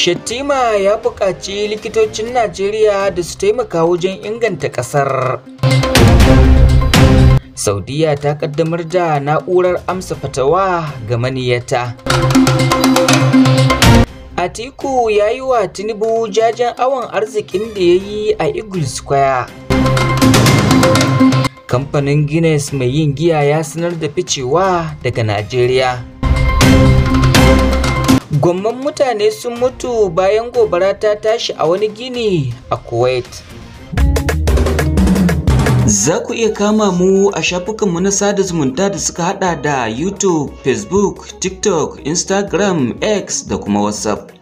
Shettima ya buƙaci likitocin Najeriya da su taimaka wajen inganta ƙasar. Saudiya ta ƙaddamar da na'urar amsa fatawa ga maniyata. Atiku ya yi wa Tinubu jajen awon arzikin da ya yi a Eagle Square. Kamfanin Guinness mai yin giya ya sanar da ficewa daga Najeriya. Gwamman mutane sun mutu bayan gobara ta tashi a wani gini a Kuwait. Za ku iya kama mu a shafukanmu na sada zumunta da suka hada da YouTube, Facebook, TikTok, Instagram, X da kuma WhatsApp.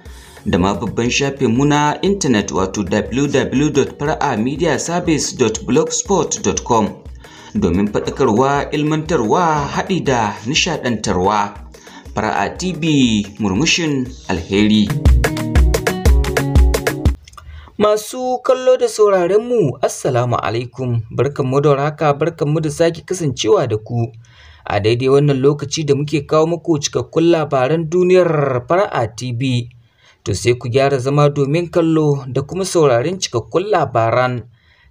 Da ma babban shafin mu na intanet wato www.faramediaservice.blogspot.com domin faɗakarwa, ilmantarwa, haɗi da nishaɗantarwa. fara'a tv murmushin alheri Masu kallo da sauraronmu, Assalamu alaikum, barkanmu da haka barkanmu da sake kasancewa da ku. A daidai wannan lokaci da muke kawo muku cikakkun labaran duniyar fara'a TV. To sai ku gyara zama domin kallo da kuma saurarin cikakkun labaran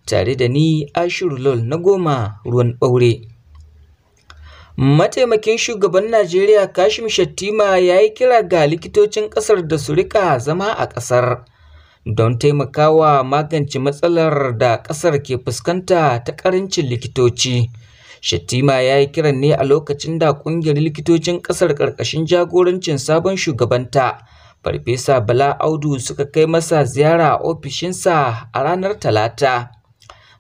tare da ni Ashiru na goma ruwan ɓaure. Mataimakin shugaban Najeriya Kashim Shattima ya yi kira ga likitocin ƙasar da su rika zama a ƙasar don taimakawa magance matsalar da ƙasar ke fuskanta ta ƙarancin likitoci. Shattima ya yi kiran ne a lokacin da ƙungiyar likitocin ƙasar ƙarƙashin jagorancin sabon shugabanta. Farfesa Bala Audu suka kai masa ziyara ofishinsa a ranar Talata.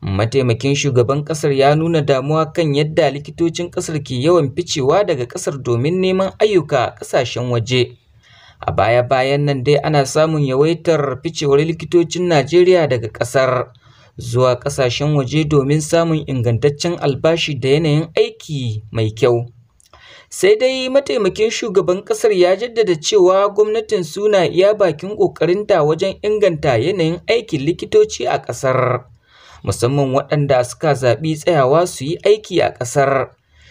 Mataimakin shugaban ƙasar ya nuna damuwa kan yadda likitocin ƙasar ke yawan ficewa daga ƙasar domin neman ayyuka a ƙasashen waje. A baya-bayan nan dai ana samun yawaitar ficewar likitocin Najeriya daga ƙasar zuwa ƙasashen waje domin samun ingantaccen albashi da yanayin aiki mai kyau. Sai dai mataimakin shugaban ƙasar ya jaddada cewa gwamnatin suna iya bakin ƙoƙarinta wajen inganta yanayin aikin likitoci a ƙasar. musamman waɗanda suka zaɓi tsayawa su yi aiki a ƙasar.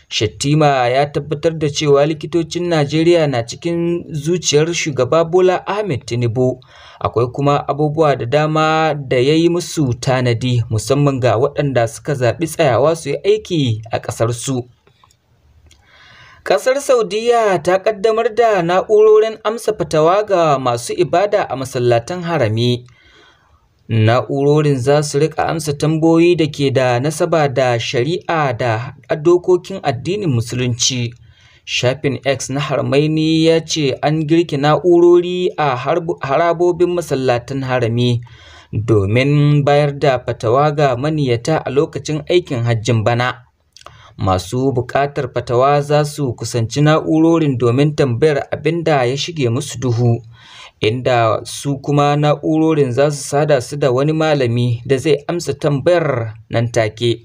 Shettima ya tabbatar da cewa likitocin Najeriya na cikin zuciyar shugaba Bola Ahmed Tinubu. Akwai kuma abubuwa da dama da ya yi musu tanadi musamman ga waɗanda suka zaɓi tsayawa su yi aiki a ƙasarsu. Ƙasar Saudiyya ta ƙaddamar da na'urorin amsa fatawa ga masu ibada a masallatan harami. Na'urorin za su riƙa amsa tambayoyi da ke da nasaba da shari'a da dokokin addinin Musulunci. Shafin X na Haramaini ya ce an girke na'urori a harabobin masallatan harami domin bayar da fatawa ga maniyata a lokacin aikin hajjin bana. masu buƙatar fatawa za su kusanci na'urorin domin tambayar abin da ya shige musu duhu inda su kuma na'urorin za su sada su da wani malami da zai amsa tambayar nan take.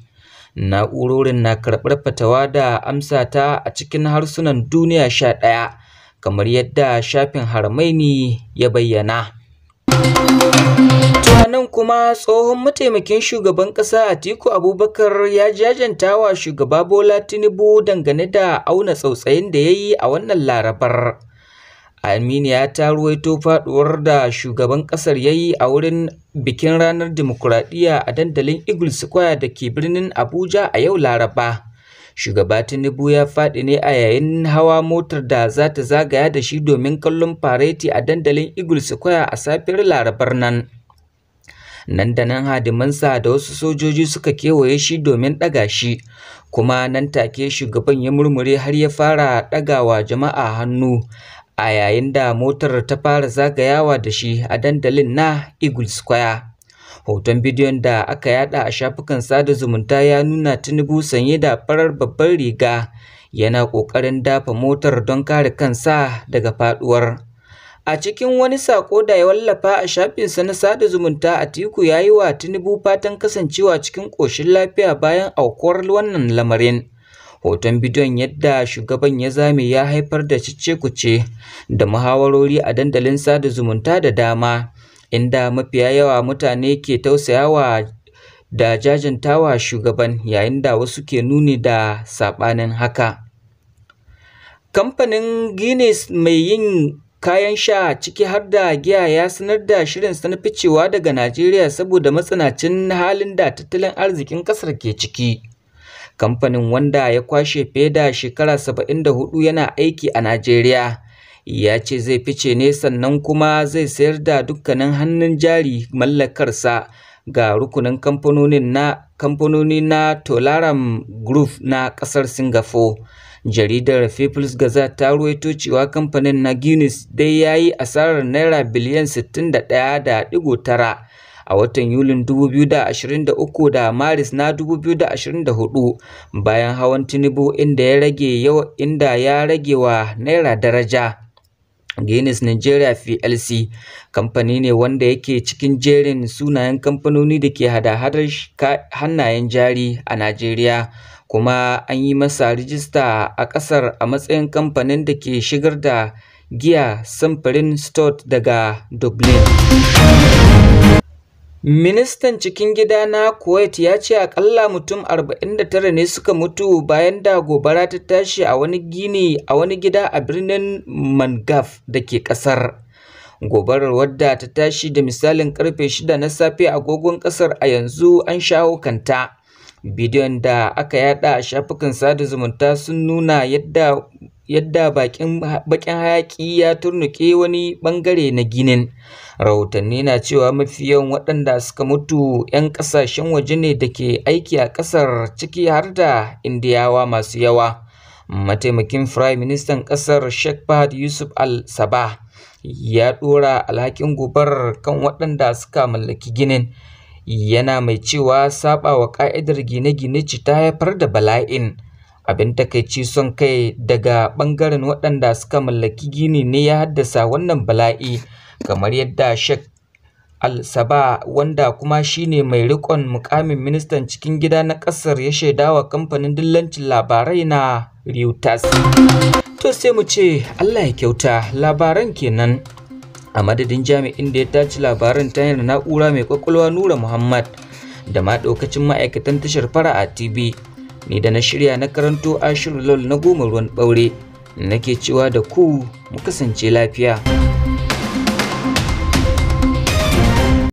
Na'urorin na karɓar fatawa da amsa ta a cikin harsunan duniya sha ɗaya, kamar yadda shafin Haramaini ya bayyana. nan kuma tsohon mataimakin shugaban ƙasa Atiku Abubakar ya jajanta wa shugaba Bola Tinubu dangane da auna tsautsayin da ya yi a wannan larabar. Armenia ta ruwaito faduwar da shugaban kasar ya yi a wurin bikin ranar dimokuraɗiyya a dandalin Eagle Square da ke birnin Abuja a yau Laraba. Shugaba Tinubu ya faɗi ne a yayin hawa motar da za ta zagaya da shi domin kallon fareti a dandalin Eagle Square a safiyar Larabar nan. Nan da nan hadimansa da wasu sojoji suka kewaye shi domin ɗaga shi, kuma nan take shugaban ya murmure har ya fara ɗagawa jama'a hannu a yayin da motar ta fara zagayawa da shi a dandalin na Eagle Square. Hoton bidiyon da aka yada a shafukan sada zumunta ya nuna Tinubu sanye da farar babbar riga yana ƙoƙarin dafa motar don kare kansa daga faduwar. A cikin wani sako da ya wallafa a shafinsa na sada zumunta Atiku ya yi wa Tinubu fatan kasancewa cikin ƙoshin lafiya bayan aukuwar wannan lamarin. Hoton bidiyon yadda shugaban ya zame ya haifar da cece-kuce da muhawarori a dandalin sada zumunta da dama, inda mafiya yawa mutane ke tausayawa da jajantawa shugaban yayin da wasu ke nuni da saɓanin haka. Kamfanin Guinness mai yin kayan sha ciki har da giya ya sanar da shirin sana ficewa daga Najeriya saboda matsanancin halin da tattalin arzikin ƙasar ke ciki. Kamfanin wanda ya kwashe fiye da shekara 74 yana aiki a Najeriya ya ce zai fice ne sannan kuma zai sayar da dukkanin hannun jari mallakarsa ga rukunin kamfanonin na kamfanoni na Tolaram Group na ƙasar Singapore. Jaridar People's Gazette ta ruwaito cewa kamfanin na Guinness dai ya yi asarar naira biliyan 61.9 a watan Yulin 2023 da Maris na 2024 bayan hawan Tinubu inda ya rage inda ya rage wa naira daraja. Guinness Nigeria PLC kamfani ne wanda yake cikin jerin sunayen kamfanoni da ke hada-hadar hannayen jari a Najeriya kuma an yi masa rijista a ƙasar a matsayin kamfanin da ke shigar da giya samfurin stout daga Dublin. Ministan cikin gida na Kuwait ya ce akalla mutum 49 ne suka mutu bayan da gobara ta tashi a wani gini a wani gida a birnin Mangaf da ke ƙasar. Gobarar wadda ta tashi da misalin karfe shida na safe agogon ƙasar a yanzu an shawo kanta. Bidiyon da aka yada a shafukan sada zumunta sun nuna yadda yadda baƙin hayaƙi ya turnuƙe wani ɓangare na ginin rahotanni na cewa mafi yawan waɗanda suka mutu 'yan ƙasashen waje ne da ke aiki a ƙasar ciki har da indiyawa masu yawa mataimakin firayim ministan ƙasar sheikh fahad yusuf al-sabah ya ɗora alhakin gobar kan waɗanda suka mallaki ginin yana mai cewa saɓawa ƙa'idar gine-gine ci ta haifar da bala'in Abin takaici son kai daga ɓangaren waɗanda suka mallaki Gini ne ya haddasa wannan bala'i, kamar yadda Sheikh al saba wanda kuma shine mai rikon mukamin ministan cikin gida na ƙasar ya shaidawa kamfanin dillancin labarai na Reuters. To sai mu ce Allah ya kyauta labaran kenan. A madadin jami'in da ya tace labaran ta hanyar na'ura mai kwakwalwa Nura Muhammad da ma ma'aikatan tashar fara a TV. ni da na shirya na karanto ashirin lol na goma ruwan ɓaure nake cewa da ku mu kasance lafiya.